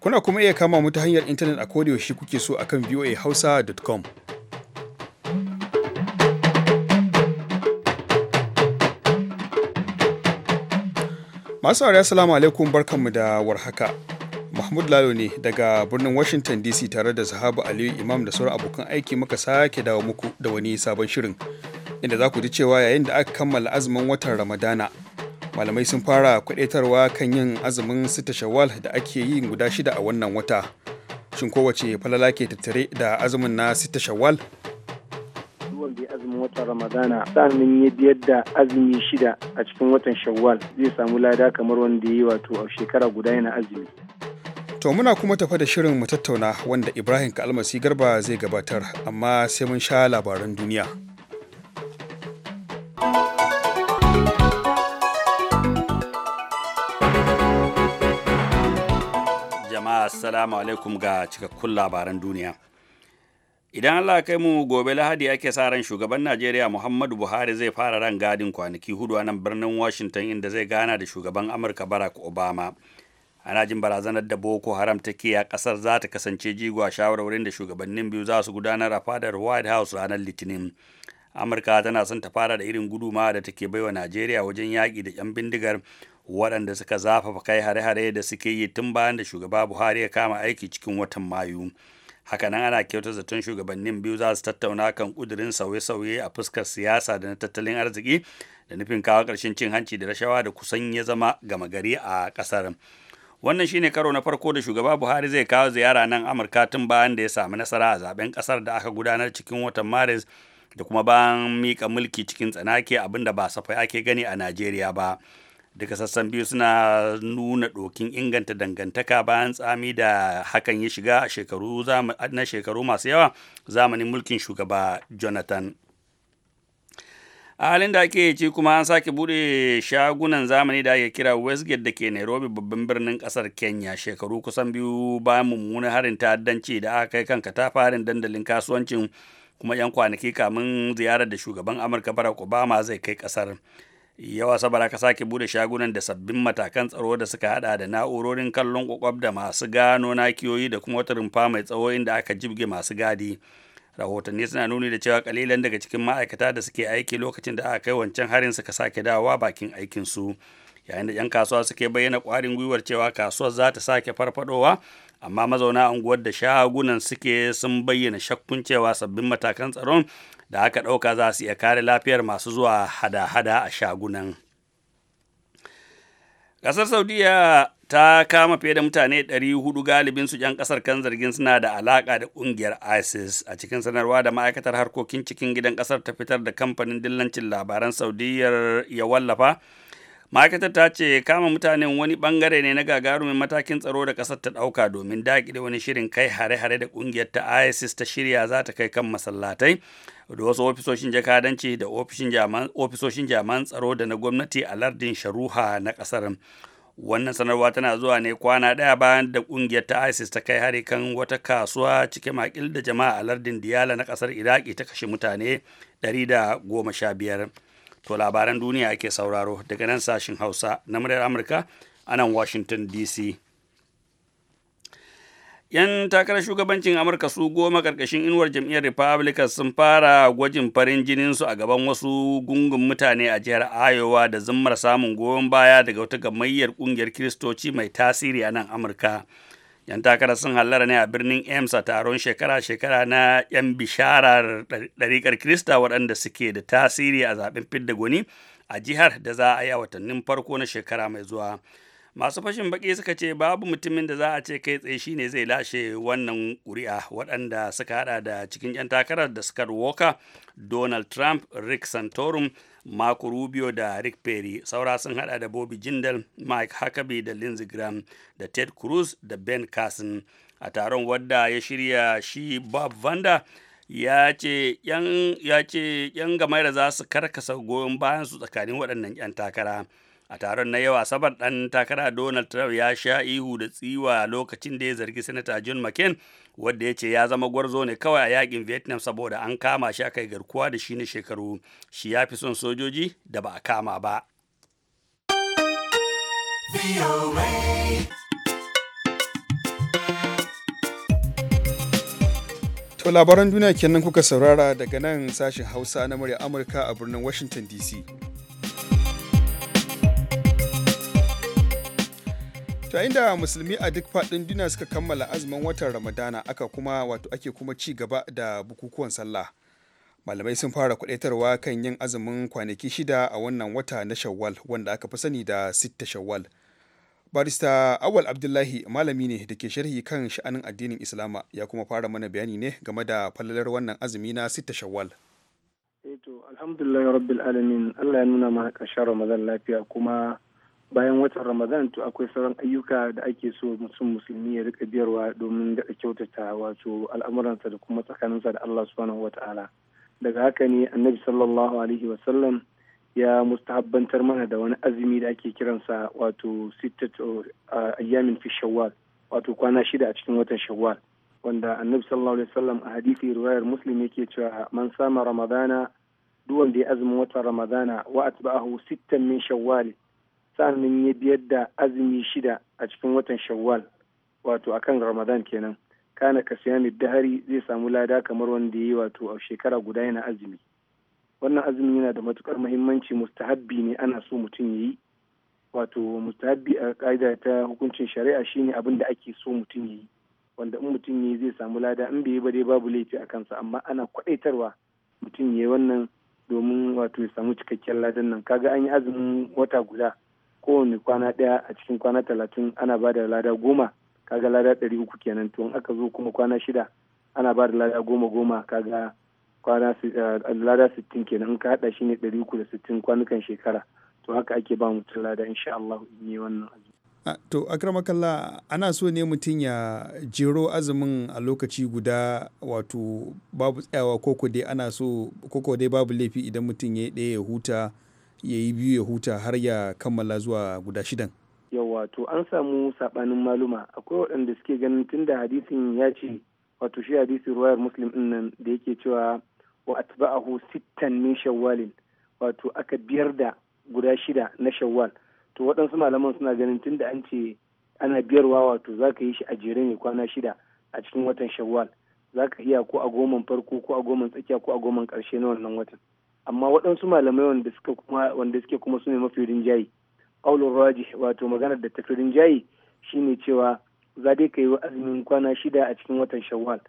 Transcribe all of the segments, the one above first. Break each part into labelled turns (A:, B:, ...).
A: Kuna kuma iya kama mu ta hanyar intanet a kodayaushe kuke so akan voahausa.com. Masu aure assalamu alaikum barkanmu da warhaka. Mahmud Lalo ne daga birnin Washington DC tare da Sahabu Aliyu Imam da sauran abokan aiki muka sake dawo muku da wani sabon shirin. Inda za ku ji cewa yayin da aka kammala azumin watan Ramadana, malamai sun fara kwadaitarwa kan yin azumin sita shawwal da ake yi guda shida a wannan wata shin kowace falala ke tattare da azumin na sita shawwal
B: wanda azumin watan ramadana sa'anin ya biyar da azumi shida a cikin watan shawwal zai samu lada kamar wanda ya yi wato a shekara guda yana azumi
A: to muna kuma tafa da shirin mu tattauna wanda ibrahim kalmasi garba zai gabatar amma sai mun sha labaran duniya
C: assalamu alaikum ga cikakkun labaran duniya idan allah kai mu gobe lahadi ake sa ran shugaban najeriya muhammadu buhari zai fara ran gadin kwanaki hudu a nan birnin washington inda zai gana da shugaban amurka barack obama ana jin barazanar da boko haram ke a ƙasar za ta kasance jigo a shawarwarin da shugabannin biyu za su gudanar a fadar white house ranar litinin amurka tana son ta fara da irin guduma da take bai wa najeriya wajen yaƙi da 'yan bindigar waɗanda suka zafafa kai hare-hare da suke yi tun bayan da shugaba buhari ya kama aiki cikin watan mayu hakanan ana kyautar zaton shugabannin biyu za su tattauna kan ƙudurin sauye-sauye a fuskar siyasa da na tattalin arziki da nufin kawo ƙarshen cin hanci da rashawa da kusan ya zama gama gari a ƙasar wannan shine karo na farko da shugaba buhari zai kawo ziyara nan amurka tun bayan da ya samu nasara a zaben ƙasar da aka gudanar cikin watan maris da kuma bayan mika mulki cikin tsanake abinda ba safai ake gani a najeriya ba duka sassan biyu suna nuna dokin inganta dangantaka bayan tsami da hakan ya shiga na shekaru masu yawa zamanin mulkin shugaba jonathan a halin da ake ci kuma an sake bude shagunan zamani da ake kira westgate da ke nairobi babban birnin kasar kenya shekaru kusan biyu bayan mummunan harin ta'addanci da aka kai kan katafarin dandalin kasuwancin kuma 'yan kwanaki kamin ziyarar da shugaban amurka barack obama zai kai kasar yawa sabara ka sake bude shagunan da sabbin matakan tsaro da suka hada da na'urorin kallon kwakwab da masu gano nakiyoyi da kuma wata rumfa mai tsawo inda aka jibge masu gadi rahotanni suna nuni da cewa kalilan daga cikin ma'aikata da suke aiki lokacin da aka kai wancan harin suka sake dawowa bakin aikinsu yayin da 'yan kasuwa suke bayyana kwarin gwiwar cewa kasuwar za ta sake farfadowa amma mazauna unguwar da shagunan suke sun bayyana shakkun cewa sabbin matakan tsaron da aka ɗauka za su iya kare lafiyar masu zuwa hada-hada a shagunan ƙasar saudiya ta kama fiye da mutane 400 galibin su 'yan ƙasar kan zargin suna da alaƙa da ƙungiyar isis a cikin sanarwa da ma'aikatar harkokin cikin gidan ƙasar ta fitar da kamfanin dillancin labaran saudiyyar ya wallafa ma'aikatar ta ce kama mutanen wani bangare ne na gagarumin matakin tsaro da kasar ta ɗauka domin daƙile wani shirin kai hare-hare da kungiyar ta isis ta shirya za ta kai kan masallatai da wasu ofisoshin jakadanci da ofisoshin jami'an tsaro da na gwamnati a lardin sharuha na ƙasar wannan sanarwa tana zuwa ne kwana ɗaya bayan da ƙungiyar ta isis ta kai hari kan wata kasuwa cike makil da jama'a a lardin diyala na kasar iraki ta kashe mutane 115 to labaran duniya ake sauraro daga nan sashin hausa na muryar amurka a nan washington dc yan takarar shugabancin amurka su goma karkashin inuwar jam'iyyar republican sun fara gwajin farin jinin su a gaban wasu gungun mutane a jihar iowa da zimmar samun goyon baya daga wata gamayyar kungiyar kiristoci mai tasiri a nan amurka 'yan takarar sun hallara ne a birnin emsa a taron shekara-shekara na 'yan bisharar ɗariƙar Kirista waɗanda suke da tasiri a zaɓen fidda gwani a jihar da za a yi a watannin farko na shekara mai zuwa masu fashin baƙi suka ce babu mutumin da za a ce kai tsaye ne zai lashe wannan ƙuri'a waɗanda suka hada da cikin 'yan takarar da suka woka donald trump rick santorum Marco Rubio da Rick Perry saura sun hada da Bobby Jindal, Mike Huckabee da Lindsey Graham da Ted Cruz da Ben Carson a taron wadda ya shirya shi Bob Vanda ya ce yan gamaira za su karkasa goyon bayan su tsakanin waɗannan 'yan takara. a taron na yau asabar ɗan takara donald trump ya sha ihu da tsiwa lokacin da ya zargi sanata john mccain wadda ya ce ya zama gwarzo ne kawai a yakin vietnam saboda an kama shi aka garkuwa da shi na shekaru shi ya fi son sojoji da ba a kama ba
A: To labaran duniya kenan kuka saurara daga nan sashen Hausa na murya Amurka a birnin Washington DC. To inda musulmi a duk faɗin duniya suka kammala azumin watan Ramadana aka kuma wato ake kuma ci gaba da bukukuwan sallah. Malamai sun fara kudaitarwa kan yin azumin kwanaki shida a wannan wata na Shawwal wanda aka fi sani da Sitta Shawwal. Barista Awal Abdullahi malami ne da ke sharhi kan sha'anin addinin Islama ya kuma fara mana bayani ne game da falalar wannan azumi na Sitta Shawwal.
B: Eh alhamdulillah rabbil alamin Allah ya nuna mana ƙarshen Ramadan lafiya kuma bayan watan ramadan to akwai sauran ayyuka da ake so mutum musulmi ya rika biyarwa domin daɗa kyautata wato al'amuransa da kuma tsakaninsa da allah subhanahu wa ta'ala daga haka ne annabi sallallahu alaihi wasallam ya mustahabbantar mana da wani azumi da ake kiransa wato sittatu uh, ayyamin fi shawwal wato kwana shida a cikin watan shawwal wanda annabi sallallahu alaihi wasallam a hadisi riwayar muslim yake cewa man sama ramadana duk da ya azumin watan ramadana wa atba'ahu sittan min shawwal sannan ya biyar da azumi shida a cikin watan shawwal wato akan ramadan kenan kana ka siyami dahari zai samu lada kamar wanda ya yi wato a shekara guda yana azumi wannan azumi yana da matukar muhimmanci mustahabbi ne ana so mutum ya yi wato mustahabbi a ka'ida ta hukuncin shari'a shine abin da ake so mutum ya yi wanda in mutum ya yi zai samu lada in bai yi ba dai babu laifi a kansa amma ana kwadaitarwa mutum ya yi wannan domin wato ya samu cikakken ladan nan kaga an yi azumin wata guda kowane kwana ɗaya a cikin kwana talatin ana ba da lada goma kaga lada ɗari uku kenan to aka zo kuma kwana shida ana ba da lada goma goma kaga kwana eh, lada sittin kenan ka haɗa shi ne ɗari uku da sittin kwanukan shekara to haka ake ba mutum lada insha Allah in yi wannan azumi. Ah,
A: to akramakalla ana so ne mutum ya jero azumin a lokaci guda wato babu tsayawa koko dai ana so koko dai babu laifi idan mutum ya ɗaya ya huta ya yi biyu ya huta har ya kammala zuwa guda shidan
B: yawwa to an samu sabanin maluma akwai waɗanda suke ganin tun da hadisin ya ce wato shi hadisin ruwayar muslim ɗin nan da yake cewa wa atba'ahu sittan min shawwalin wato aka biyar da guda shida na shawwal to waɗansu malaman suna ganin tun da an ce ana biyarwa wato za ka yi shi a jere ne kwana shida a cikin watan shawwal za ka iya ko a goman farko ko a goman tsakiya ko a goman ƙarshe na wannan watan amma waɗansu malamai wanda suka kuma wanda suke kuma su ne mafi rinjayi qaulur rajih wato maganar da tafi rinjayi shine cewa za dai ka yi azumin kwana shida a cikin watan shawwal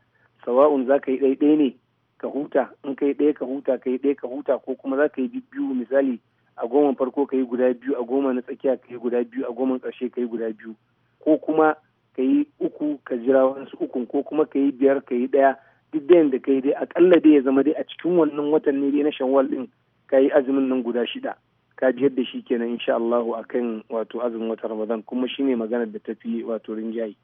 B: sawa'un za ka yi ɗaya ne ka huta in ka yi ɗaya ka huta ka yi ɗaya ka huta ko kuma za ka yi biyu misali a goma farko ka yi guda biyu a goma na tsakiya ka yi guda biyu a goma ƙarshe ka yi guda biyu ko kuma ka yi uku ka jira wasu ukun ko kuma ka yi biyar ka yi ɗaya duk da yadda kai dai akalla dai ya zama dai a cikin wannan watan ne dai na shawwal din ka yi azumin nan guda shida ka jiyar da shi kenan insha Allahu akan wato azumin watan Ramadan kuma shine maganar da tafi wato rinjaye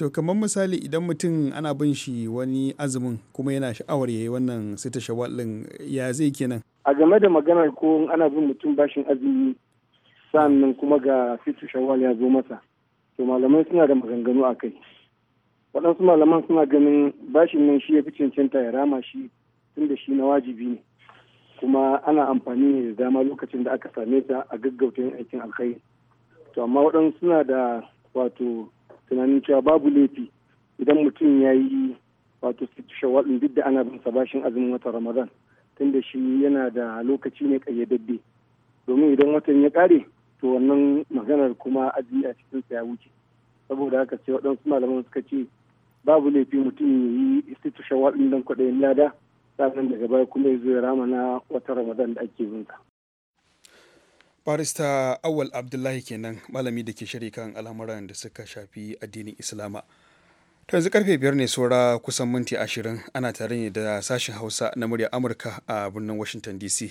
A: to kamar misali idan mutum ana bin shi wani azumin kuma yana sha'awar yayi wannan sai ta shawwal din ya zai kenan
B: a game da maganar ko ana bin mutum bashin azumi sannan kuma ga fitu shawwal ya zo masa to malamai suna da maganganu a kai waɗansu malaman suna ganin bashin nan shi ya fi cancanta ya rama shi tunda shi na wajibi ne kuma ana amfani ne da dama lokacin da aka same ta a gaggauta yin aikin alkhairi to amma waɗansu suna da wato tunanin cewa babu laifi idan mutum ya yi wato shawaɗin duk da ana bin sa bashin azumin watan ramadan tunda shi yana da lokaci ne ƙayyadadde domin idan watan ya ƙare to wannan maganar kuma aji a cikin ya wuce saboda haka sai waɗansu malaman suka ce babu laifi mutum ya yi istitushen waɗannan kwaɗayin lada sannan daga baya kuma ya zo ya rama na wata ramadan da ake binka.
A: barista awal abdullahi kenan malami da ke shirya kan al'amuran da suka shafi addinin islama ta yanzu karfe biyar ne saura kusan minti ashirin ana tare ne da sashen hausa na murya amurka a birnin washington dc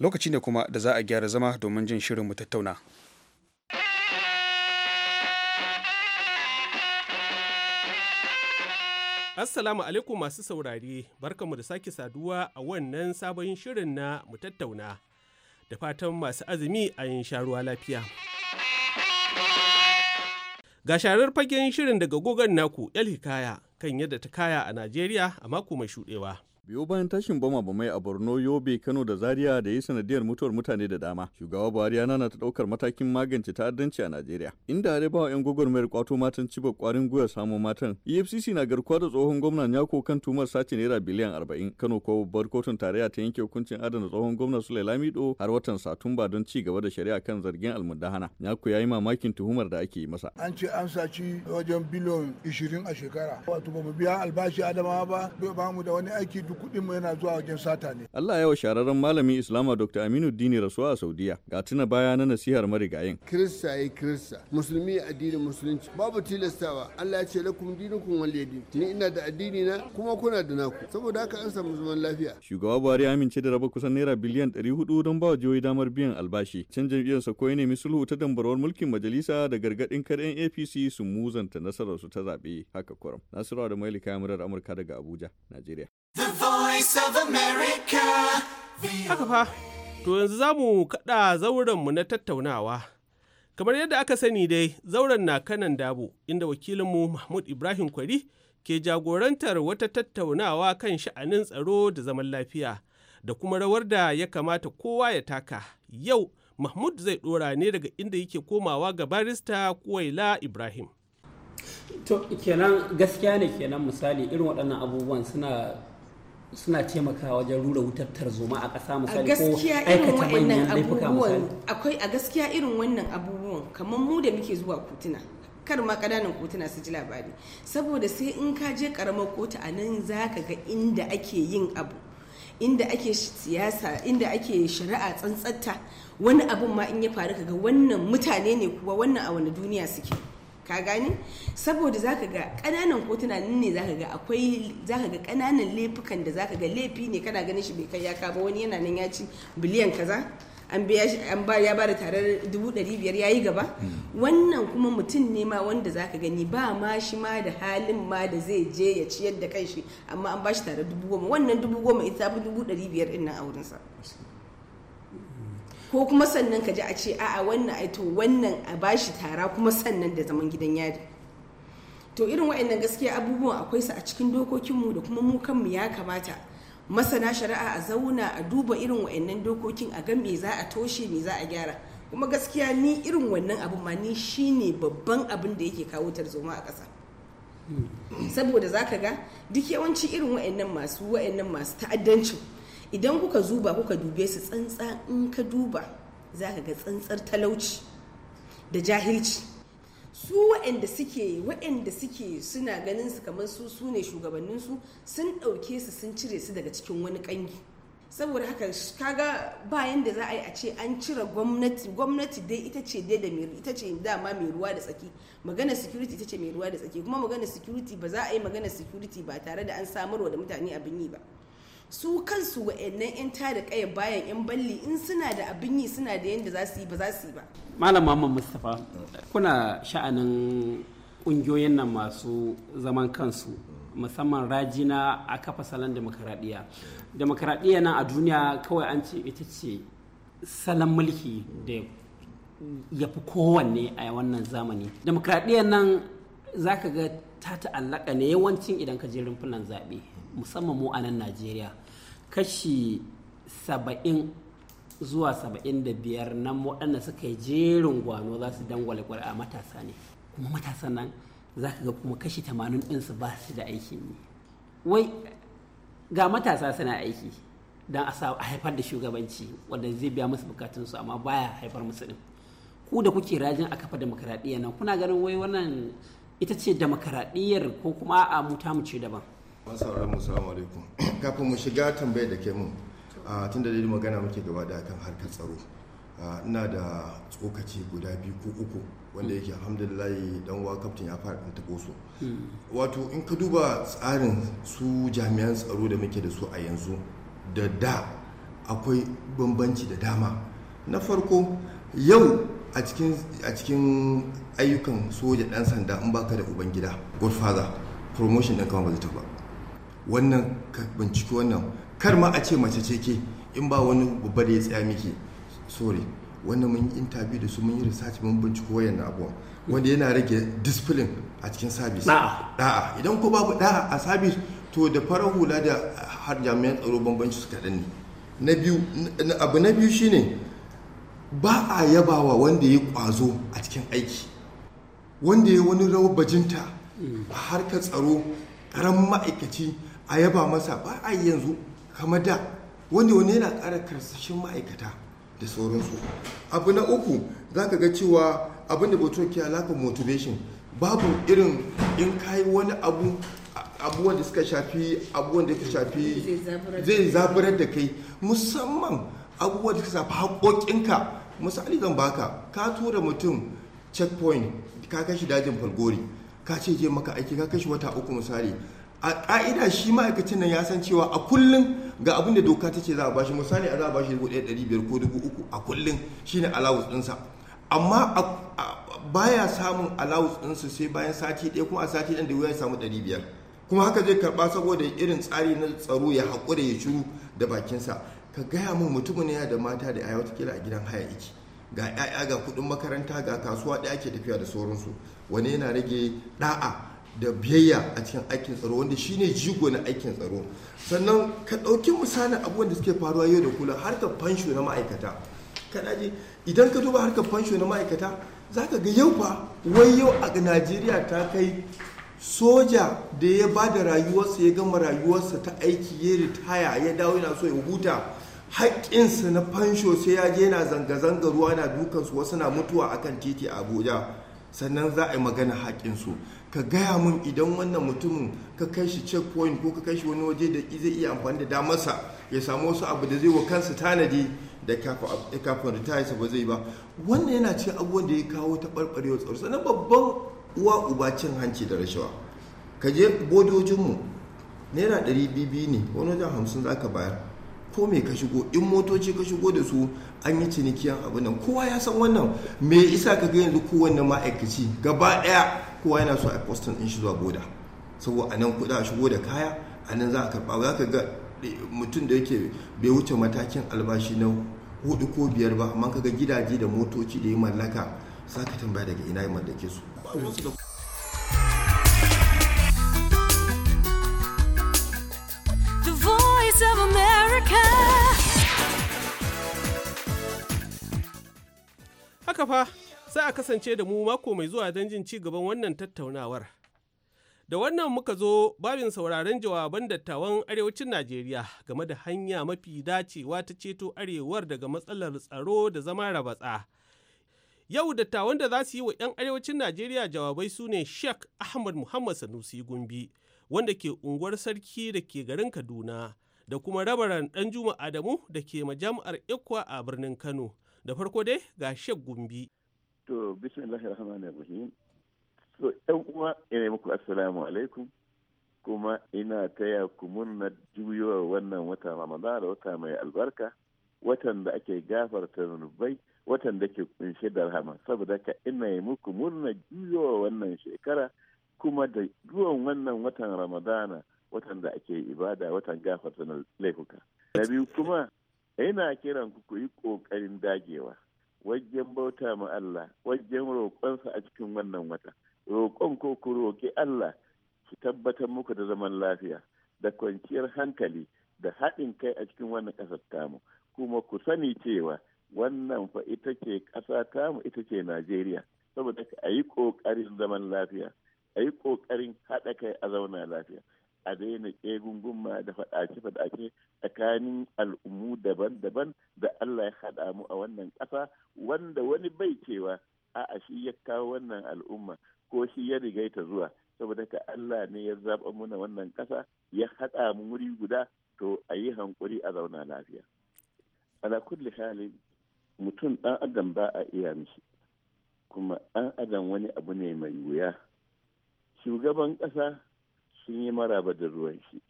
A: lokaci ne kuma da za a gyara zama domin jin shirin mu tattauna.
D: Assalamu alaikum masu saurare, mu da sake saduwa a wannan sabon shirin na mu tattauna. Da fatan masu azumi a yin sharuwa lafiya. Ga sharar fagen shirin daga gogon naku yan Hikaya kan yadda ta kaya a Najeriya a mako mai shuɗewa.
E: biyo bayan tashin bama bamai a borno yobe kano da zaria da yi sanadiyar mutuwar mutane da dama shugaba buhari ya nana ta daukar matakin magance ta'addanci a najeriya inda har ba yan gwagwarmayar kwato matan cibar kwarin gwiwa samo matan efcc na garkuwa da tsohon gwamnan yako kan tumar sace naira biliyan arba'in kano ko babbar kotun tarayya ta yanke hukuncin adana tsohon gwamnan sule lamido har watan satumba don ci gaba da shari'a kan zargin almudahana yako ya yi mamakin tuhumar da ake yi masa
F: an ce an saci wajen biliyon ishirin a shekara wato ba mu biya albashi adamawa ba ba mu da wani aiki duk kuɗin mu yana zuwa wajen sata ne
E: Allah ya wa shararren malamin Islama Dr. Aminu Dini Rasuwa a Saudiya ga tuna baya na nasihar marigayin
F: Kirista yi Kirista musulmi addinin musulunci babu tilastawa Allah ya ce lakum dinukum waliyadin ni ina da addini na kuma kuna da naku saboda haka an samu zaman lafiya
E: shugaba Buhari ya amince da raba kusan naira biliyan ɗari 400 don ba wa jihohi damar biyan albashi can jam'iyyarsa ko ya nemi sulhu ta dambarwar mulkin majalisa da gargadin kar yan APC su muzanta nasararsu ta zaɓe haka kuram Nasiru da Maili kayan Amurka daga Abuja Najeriya
D: Haka fa, to yanzu za mu kaɗa zaurenmu na tattaunawa. Kamar yadda aka sani dai, zauren na kanan dabu, inda wakilinmu Mahmud Ibrahim Kwari ke jagorantar wata tattaunawa kan sha'anin tsaro da zaman lafiya, da kuma rawar da ya kamata kowa ya taka. Yau, Mahmud zai ɗora ne daga inda yake komawa ga barista Kuwaila
G: Ibrahim. To, kenan gaskiya ne kenan misali irin waɗannan abubuwan suna suna taimakawa wajen rura wutar tarzoma a ƙasa misali ko aikata manyan laifuka misali
H: akwai a gaskiya irin wannan abubuwan kamar mu da muke zuwa kotuna kar ma ƙananan kotuna su ji labari saboda sai in ka je ƙaramar kotu a nan za ka ga inda ake yin abu inda ake siyasa inda ake shari'a tsantsatta wani abun ma in ya faru ka ga wannan mutane ne kuwa wannan a wani duniya suke ka gani saboda zaka ga kananan kotuna ne zaka ga akwai zaka ga kananan laifukan da zaka ga laifi ne kana ganin shi bai kai ya ba wani yana nan ya ci biliyan kaza an biya shi an ba ya bada tarar dubu ɗari biyar ya yi gaba hmm. wannan kuma mutum ne ma wanda zaka gani ba ma shi ma da halin ma da zai je ya ciyar da kanshi amma an ba shi tarar dubu goma wannan dubu goma ita fi dubu ɗari biyar ɗin nan a sa ko kuma sannan ka ji a ce a'a wannan aito wannan a ba shi tara kuma sannan da zaman gidan yari to irin wa'annan gaskiya abubuwan akwai su a cikin dokokinmu da kuma mu kanmu ya kamata masana shari'a a zauna a duba irin wa'annan dokokin a ga me za a toshe me za a gyara kuma gaskiya ni irin wannan abu ma ni shine babban abin da yake kawo tarzoma a ƙasa hmm. saboda zaka ga duk yawanci irin wa'annan masu wa'annan masu ta'addancin idan kuka zuba kuka dube su tsantsa in ka duba za ka ga tsantsar talauci da jahilci su waɗanda suke waɗanda suke suna ganin su kamar su su ne shugabanninsu sun ɗauke su sun cire su daga cikin wani ƙangi saboda haka kaga bayan da za a yi a ce an cire gwamnati gwamnati dai ita ce dai da ita ce dama mai ruwa da tsaki magana security ita ce mai ruwa da tsaki kuma magana security ba za a yi magana security ba tare da an samarwa da mutane abin yi ba su kansu wa'annan 'yan tada kaya bayan 'yan balli in suna da abin yi suna da yadda za su yi ba za su yi ba
G: malam muhammad mustapha kuna sha'anin ƙungiyoyin nan masu zaman kansu musamman rajina a kafa salon demokaradiyya demokaradiyya nan a duniya kawai an ce ita ce salon mulki da ya fi kowanne a wannan zamani demokaradiyya nan za ka ga ta ta'allaka ne yawancin idan ka je rumfunan zaɓe musamman mu a nan najeriya kashi saba'in zuwa saba'in da biyar nan waɗanda suka yi jerin gwano za su dangwale a matasa ne kuma matasa nan za ka ga kuma kashi tamanin ɗinsu ba su da aiki ne wai ga matasa suna aiki don a haifar da shugabanci wanda zai biya musu bukatunsu amma baya haifar musu ɗin ku da kuke rajin a kafa demokaradiyya nan kuna ganin wai wannan ita ce demokaradiyyar ko kuma a mu ce daban
F: Masararmu, salamu alaikum. Kafin mu shiga tambayar da ke mun, tun da magana muke gaba da kan harkar tsaro. Ina da tsokaci guda biyu ko uku wanda yake alhamdulillahi dan wa kaftin ya fara ɗan taɓo su. Hmm. Wato in ka duba tsarin su jami'an tsaro da muke da su a yanzu da da akwai bambanci da dama. Na farko yau a cikin ayyukan soja ɗan sanda in baka da ubangida godfather promotion ɗin kama ba zai ba. wannan binciki wannan kar ma a ce mace ce ke in ba wani babba da ya tsaya miki sorry wannan mun yi intabi da su mun yi research mun binciko na abuwa. wanda yana rage discipline a cikin service da'a da'a idan ko babu da'a a service to da farar hula da har jami'an tsaro bambanci su kaɗan ne na biyu abu na biyu shine ba a yabawa wanda ya kwazo a cikin aiki wanda ya wani rawar bajinta a harkar tsaro karamin ma'aikaci a yaba masa ba a yanzu kamar da wani wani yana ƙara karsashin ma'aikata da sauransu abu na uku za ka ga cewa abin da bautar ke alaƙar motivation babu irin in kayi wani abu abubuwan da suka shafi abubuwan da shafi
H: zai zaburar
F: da kai musamman abubuwan da suka shafi haƙoƙinka misali zan baka ka tura mutum checkpoint ka kashi dajin falgori ka ce je maka aiki ka kashi wata uku misali a ƙa'ida shi ma'aikacin nan ya san cewa a kullum ga abin da doka ta ce za a bashi misali a za a bashi 1,500 ko 3,000 a kullum shine allowance ɗinsa amma baya samun allowance ɗinsu sai bayan sati ɗaya kuma a sati ɗan da ya samu 500 kuma haka zai karɓa saboda irin tsari na tsaro ya haƙura ya shiru da bakinsa ka gaya min mutumin ya da mata da wata kila a gidan haya iki ga 'ya'ya ga kuɗin makaranta ga kasuwa ɗaya ke tafiya da sauransu wani yana rage ɗa'a da biyayya a cikin aikin tsaro wanda shine jigo na aikin tsaro sannan ka ɗauki misalin abubuwan da suke faruwa yau da kula harkar fansho na ma'aikata kana ji idan ka duba harka fansho na ma'aikata za ka ga yau fa wai yau a najeriya ta kai soja da ya ba da rayuwarsa ya gama rayuwarsa ta aiki ya ritaya ya dawo yana so ya huta haƙƙinsa na fansho sai ya je yana zanga-zanga ruwa na dukansu wasu na mutuwa akan titi a abuja sannan za a yi magana haƙinsu ka gaya mun idan wannan mutumin ka kai shi checkpoint ko ka kai shi wani waje da zai iya amfani da damarsa ya samu wasu abu da zai wa kansa tanadi da kafin ritaya ba zai ba wannan yana cikin abubuwan da ya kawo ta taɓarɓarewa tsaro sannan babban uwa uba cin hanci da rashawa ka je bodojinmu naira ɗari bibi ne wani wajen hamsin za ka bayar ko me ka shigo in motoci ka shigo da su an yi cinikiyan abin nan kowa ya san wannan me isa ka ga yanzu kowanne ma'aikaci gaba daya kowa yana so a boston din shi zuwa boda saboda a nan kuɗa a shigo da kaya a nan za a karɓa za ka ga e, mutum da yake bai wuce matakin albashi na hudu ko biyar ba amma ka ga gidaje da motoci da ya mallaka za ka tambaya daga ina ya mallake su ba wasu da
D: Haka fa, sai a kasance da mu mako mai zuwa don jin ci gaban wannan tattaunawar. Da wannan muka zo babin sauraron jawaban dattawan arewacin Najeriya game da hanya mafi dacewa ta ceto arewar daga matsalar tsaro da zama rabatsa. Yau dattawan da za su yi wa 'yan arewacin Najeriya jawabai su ne Sheikh Ahmad Muhammad Sanusi Gumbi, wanda ke unguwar sarki da ke garin Kaduna. da kuma rabaran juma'a Adamu da ke majami'ar Ikwa a birnin Kano. Da farko dai ga shek Gumbi.
I: To bismillahi rahmanir rahim. To yan uwa ina muku assalamu alaikum. Kuma ina taya ku murna juyowa wannan wata Ramadan da wata mai albarka. Watan da ake gafarta zunubai watan da ke kunshe da rahama saboda ka ina yi muku murna juyowa wannan shekara kuma da ruwan wannan watan ramadana watan da ake ibada watan gafarta na laifuka na biyu kuma yana kiran ku yi ƙoƙarin dagewa wajen bauta ma Allah wajen roƙonsa a cikin wannan wata roƙon ko ku roƙi Allah ki tabbatar muku da zaman lafiya da kwanciyar hankali da haɗin kai a cikin wannan ƙasar tamu kuma ku sani cewa wannan fa ita ce ƙasa tamu ita ce Najeriya saboda a yi ƙoƙarin zaman lafiya a yi ƙoƙarin haɗa kai a zauna lafiya a daina ma da faɗace-faɗace tsakanin al'ummu daban-daban da Allah ya haɗa mu a wannan ƙasa wanda wani bai cewa a'a shi ya kawo wannan al'umma ko shi ya rigaita zuwa saboda ka Allah ne ya zaɓa muna wannan ƙasa ya haɗa mu wuri guda to a yi hankuri a zauna lafiya. Ala kulli hali mutum ɗan adam ba a iya mishi kuma ɗan adam wani abu ne mai wuya. Shugaban ƙasa sun yi maraba da ruwan shi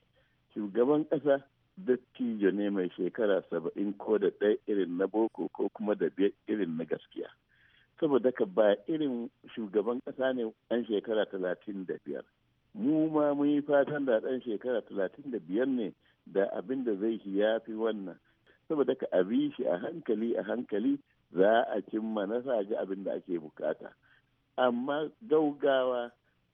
I: shugaban ƙasa dattijo ne mai shekara saba'in ko da ɗaya irin na boko ko kuma da biyar irin na gaskiya saboda ka ba irin shugaban ƙasa ne ɗan shekara talatin da biyar mu ma mun yi fatan da ɗan shekara talatin da biyar ne da abin da zai shi ya fi wannan saboda ka abi shi a hankali a hankali za a cimma nasa ga abin da ake bukata amma gaugawa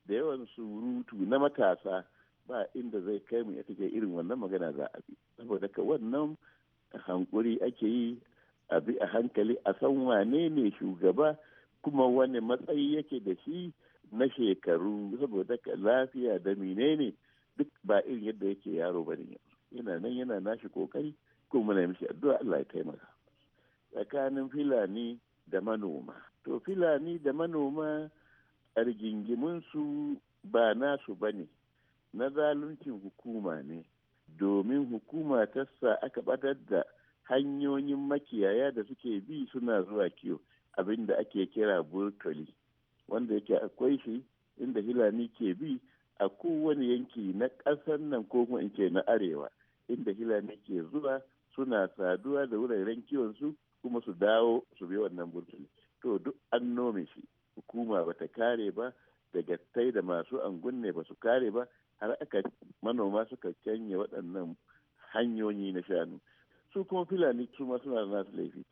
I: da yawan surutu na matasa ba inda zai kai mu ita ce irin wannan magana za a bi saboda ka wannan hankuri ake yi a bi a hankali a san wane ne shugaba kuma wani matsayi yake da shi na shekaru saboda ka lafiya da menene duk ba irin yadda yake yaro ba ne yana nan yana nashi kokari kuma muna mishi addu'a Allah ya taimaka tsakanin filani da manoma to filani da manoma rigingiminsu ba nasu ba ne na zaluncin hukuma ne domin hukuma ta sa aka ɓatar da hanyoyin makiyaya da suke bi suna zuwa kiwo abin da ake kira burtoli wanda yake akwai shi inda hilani ke bi a kowane yanki na ƙasar nan ko kuma in ce na arewa inda hilani ke zuwa suna saduwa da wuraren kiwon su kuma su dawo su bi wannan burtoli to duk an nome shi hukuma ba ta kare ba da gattai da masu angun ne ba su kare ba har aka manoma suka canye waɗannan hanyoyi na shanu su kuma fulani su suna da nasu laifi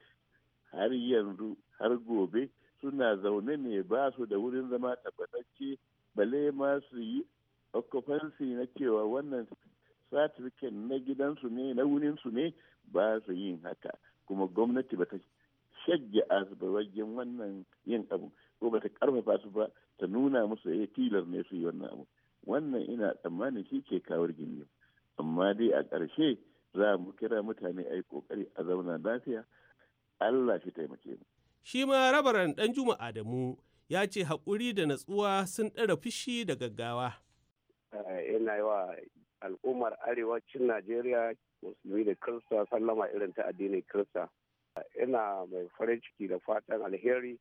I: har yanzu har gobe suna zaune ne ba su da wurin zama tabbatacce bale ma su yi occupancy na cewa wannan certificate na gidansu ne na wurinsu ne ba su yin haka kuma gwamnati ba ta shagge su da wannan yin abu ko ba ta karfafa su ba ta nuna musu ya eh, tilar ne su yi wannan abu wannan ina tsammanin shi ke kawar gini amma dai a ƙarshe za mu kira mutane a yi ƙoƙari a zauna lafiya allah shi taimake mu.
D: shi ma rabaran dan juma adamu ya ce haƙuri da natsuwa sun ɗara fushi da gaggawa. Eh, ina yi wa al'ummar
J: arewacin najeriya musulmi da kirista sallama irin ta addinin kirista ina mai farin ciki da fatan alheri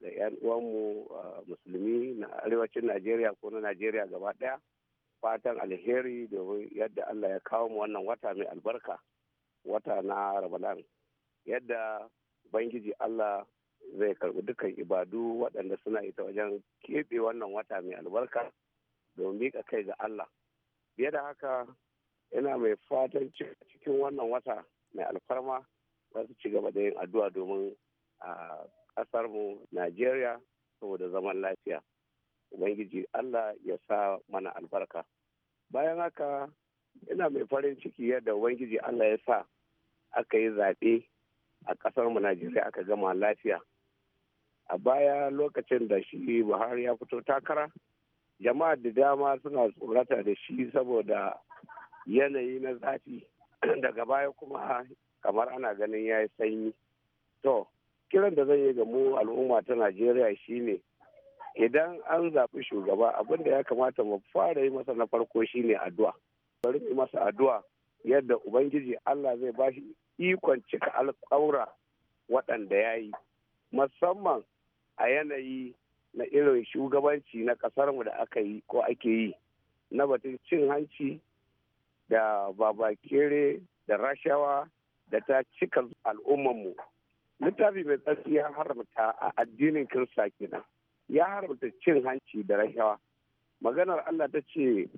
J: da 'yan uwanmu musulmi na arewacin najeriya ko na najeriya gaba daya fatan alheri domin yadda allah ya kawo mu wannan wata mai albarka wata na ramadan yadda bangiji allah zai karbi dukkan ibadu waɗanda suna ita wajen keɓe wannan wata mai albarka domin miƙa kai ga allah fiye da haka ina mai fatan cikin wannan wata mai alfarma za su ci gaba da yin addu'a domin a ƙasar mu Najeriya saboda zaman lafiya. Ubangiji Allah ya sa mana albarka. Bayan haka ina mai farin ciki yadda Ubangiji Allah ya sa aka yi zaɓe a ƙasar mu Najeriya aka gama lafiya. A baya lokacin da shi Buhari ya fito takara, jama'a da dama suna tsorata da shi saboda yanayi na zafi daga baya kuma kamar ana ganin ya yi sanyi to kiran da zai yi ga mu al'umma ta najeriya shine idan an zaɓi shugaba abin da ya kamata mu fara yi masa na farko shine addu'a bari mu masa addu'a yadda ubangiji allah zai ba shi ikon cika alƙawura waɗanda ya yi musamman a yanayi na irin shugabanci na ƙasarmu da aka yi ko ake yi na batun cin hanci da babakere da rashawa da ta cika al'ummanmu littafi mai tsarki ya haramta a addinin kirista kenan ya haramta cin hanci da rashawa maganar allah ta ce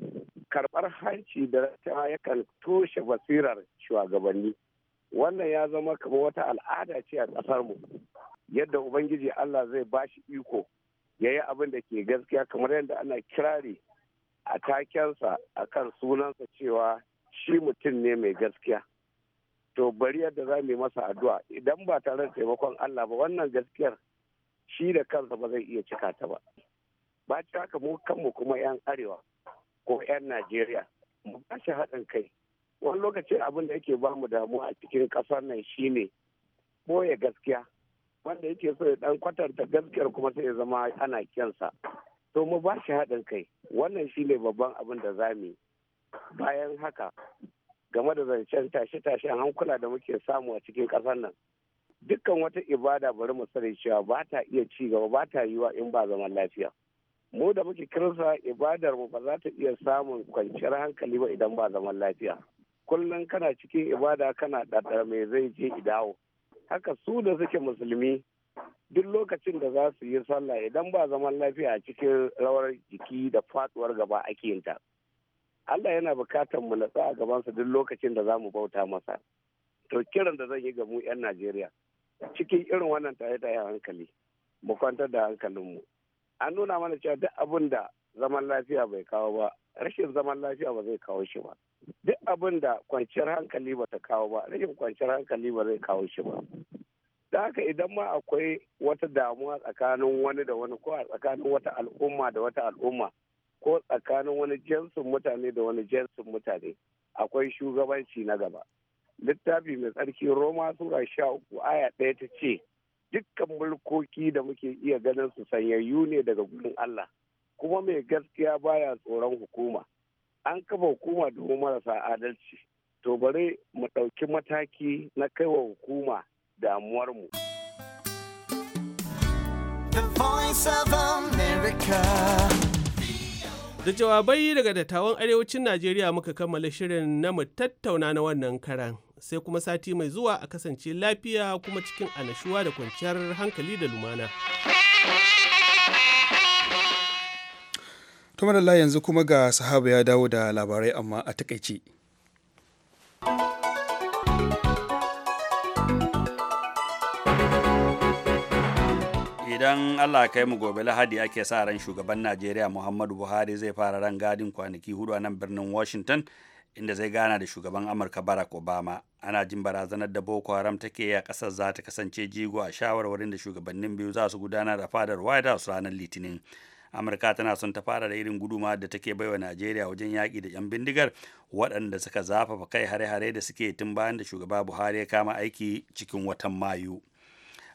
J: karɓar hanci da rashawa yakan toshe basirar shugabanni wannan ya zama kamar wata al'ada ce a mu. yadda ubangiji allah zai ba shi iko ya yi abin da ke gaskiya kamar yadda ana kirari a takensa a kan sunansa cewa shi mutum ne mai gaskiya to bari yadda za mu yi masa addu'a idan ba tare da taimakon Allah ba wannan gaskiyar shi da kansa ba zai iya cika ta ba ba ci haka mu kanmu kuma 'yan arewa
H: ko 'yan Najeriya
J: mu ba shi haɗin kai wani lokacin abin da yake ba mu damuwa a cikin ƙasar nan shine boye gaskiya wanda yake so ya dan kwatanta gaskiyar kuma sai ya zama ana kyansa to mu ba shi haɗin kai wannan shine babban abin da za mu bayan haka game da zancen tashe-tashen hankula da muke samu a cikin ƙasar nan dukkan wata ibada bari mu sani cewa ba ta iya ci gaba ba ta yiwa in ba zaman lafiya mu da muke kirsa ibadar mu ba za ta iya samun kwanciyar hankali ba idan ba zaman lafiya kullum kana cikin ibada kana ɗaɗar mai zai je idawo haka su da suke musulmi duk lokacin da za su yi sallah idan ba zaman lafiya a cikin rawar jiki da faduwar gaba ake yin ta Allah yana bukatar mu natsa a gabansa duk lokacin da za mu bauta masa. To kiran da zan yi ga mu 'yan Najeriya cikin irin wannan tare da hankali mu kwantar da hankalinmu. An nuna mana cewa duk abin da zaman lafiya bai kawo ba rashin zaman lafiya ba zai kawo shi ba. Duk abin da kwanciyar hankali ba ta kawo ba rashin kwanciyar hankali ba zai kawo shi ba. Da haka idan ma akwai wata damuwa tsakanin wani da wani ko a tsakanin wata al'umma da wata al'umma ko tsakanin wani jinsin mutane da wani jinsin mutane akwai shugabanci na gaba littafi mai tsarki roma sura sha uku aya ɗaya ta ce dukkan mulkoki da muke iya ganin su sanyayyu ne daga gurin allah kuma mai gaskiya baya tsoron hukuma an kafa hukuma domin marasa adalci to bare mu ɗauki mataki na kaiwa hukuma damuwarmu.
E: The Voice of America.
D: Da jawabai daga dattawan arewacin Najeriya muka kammala shirin na mu tattauna na wannan karan. Sai kuma sati mai zuwa a kasance lafiya kuma cikin anashuwa da kwanciyar hankali da lumana.
A: Tumar yanzu kuma ga sahaba ya dawo da labarai amma a takaici.
C: idan allah kai mu gobe lahadi ake sa ran shugaban najeriya muhammadu buhari zai fara ran gadin kwanaki hudu a nan birnin washington inda zai gana da shugaban amurka barack obama ana jin barazanar da boko haram take a kasar za ta kasance jigo a shawarwarin da shugabannin biyu za su gudanar a fadar white house ranar litinin amurka tana son ta fara da irin guduma da take baiwa najeriya wajen yaƙi da 'yan bindigar waɗanda suka zafafa kai hare-hare da suke tun bayan da shugaba buhari ya kama aiki cikin watan mayu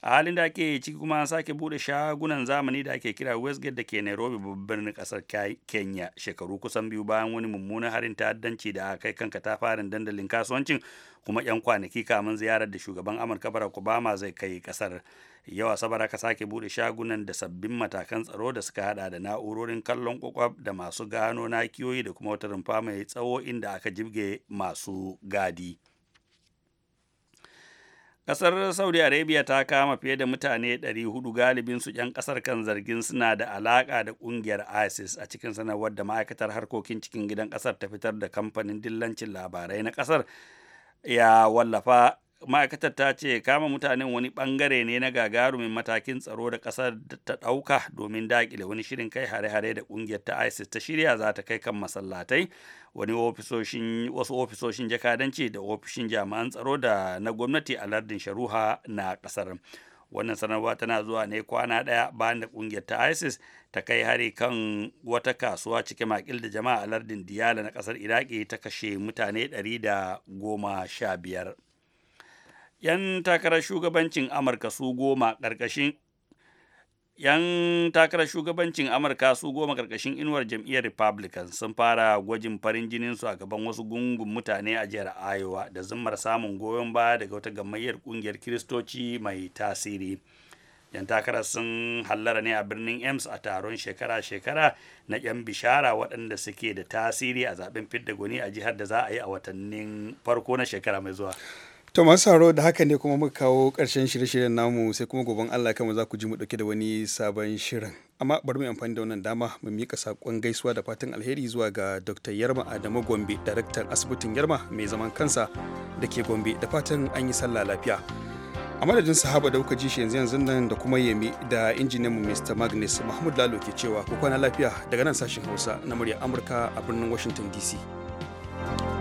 C: a halin da ake ciki kuma an sake bude shagunan zamani da ake kira westgate da ke nairobi babban kasar kenya shekaru kusan biyu bayan wani mummunan harin ta'addanci da aka kai kanka ta farin dandalin kasuwancin kuma 'yan kwanaki kamun ziyarar da shugaban amurka bara obama zai kai kasar yawa sabara aka sake bude shagunan da sabbin matakan tsaro da suka hada da na'urorin kallon kwakwab da masu gano na kiyoyi da kuma wata rumfa mai tsawo inda aka jibge masu gadi. kasar Saudi Arabia ta kama fiye da mutane 400 galibin su 'yan kasar kan zargin suna da alaƙa da ƙungiyar ISIS a cikin sanarwar da ma'aikatar harkokin cikin gidan kasar ta fitar da kamfanin dillancin labarai na kasar ya wallafa ma'aikatar ta ce kama mutanen wani bangare ne na gagarumin matakin tsaro da kasar ta ɗauka domin daƙile wani shirin kai hare-hare da ƙungiyar ta isis ta shirya za ta kai kan masallatai wani wasu ofisoshin jakadanci da ofishin jami'an tsaro da na gwamnati a lardin sharuha na ƙasar wannan sanarwa tana zuwa ne kwana ɗaya bayan da ƙungiyar ta isis ta kai hari kan wata kasuwa cike makil da jama'a a lardin diyala na kasar iraki ta kashe mutane ɗari 'yan takarar shugabancin amurka su goma ƙarƙashin yan takarar shugabancin amurka su goma ƙarƙashin inuwar jam'iyyar republican sun fara gwajin farin jinin su a gaban wasu gungun mutane a jihar iowa da zimmar samun goyon baya daga wata gamayyar kungiyar kiristoci mai tasiri yan takarar sun hallara ne a birnin ems a taron shekara-shekara na yan bishara waɗanda suke da tasiri a zaben fidda gwani a jihar da za a yi a watannin farko na shekara mai zuwa
A: To masu haro da haka ne kuma muka kawo ƙarshen shirye-shiryen namu sai kuma goben Allah kama za ku ji mu ɗauke da wani sabon shirin. Amma bari mu amfani da wannan dama mu miƙa saƙon gaisuwa da fatan alheri zuwa ga Dr. Yarma Adamu Gombe, daraktan asibitin Yarma mai zaman kansa da ke Gombe da fatan an yi sallah lafiya. A madadin sahaba da kuka ji shi yanzu yanzu nan da kuma Yemi da injiniyan mu Mr. Magnus Mahmud Lalo ke cewa ku kwana lafiya daga nan sashen Hausa na murya Amurka a birnin Washington DC. thank you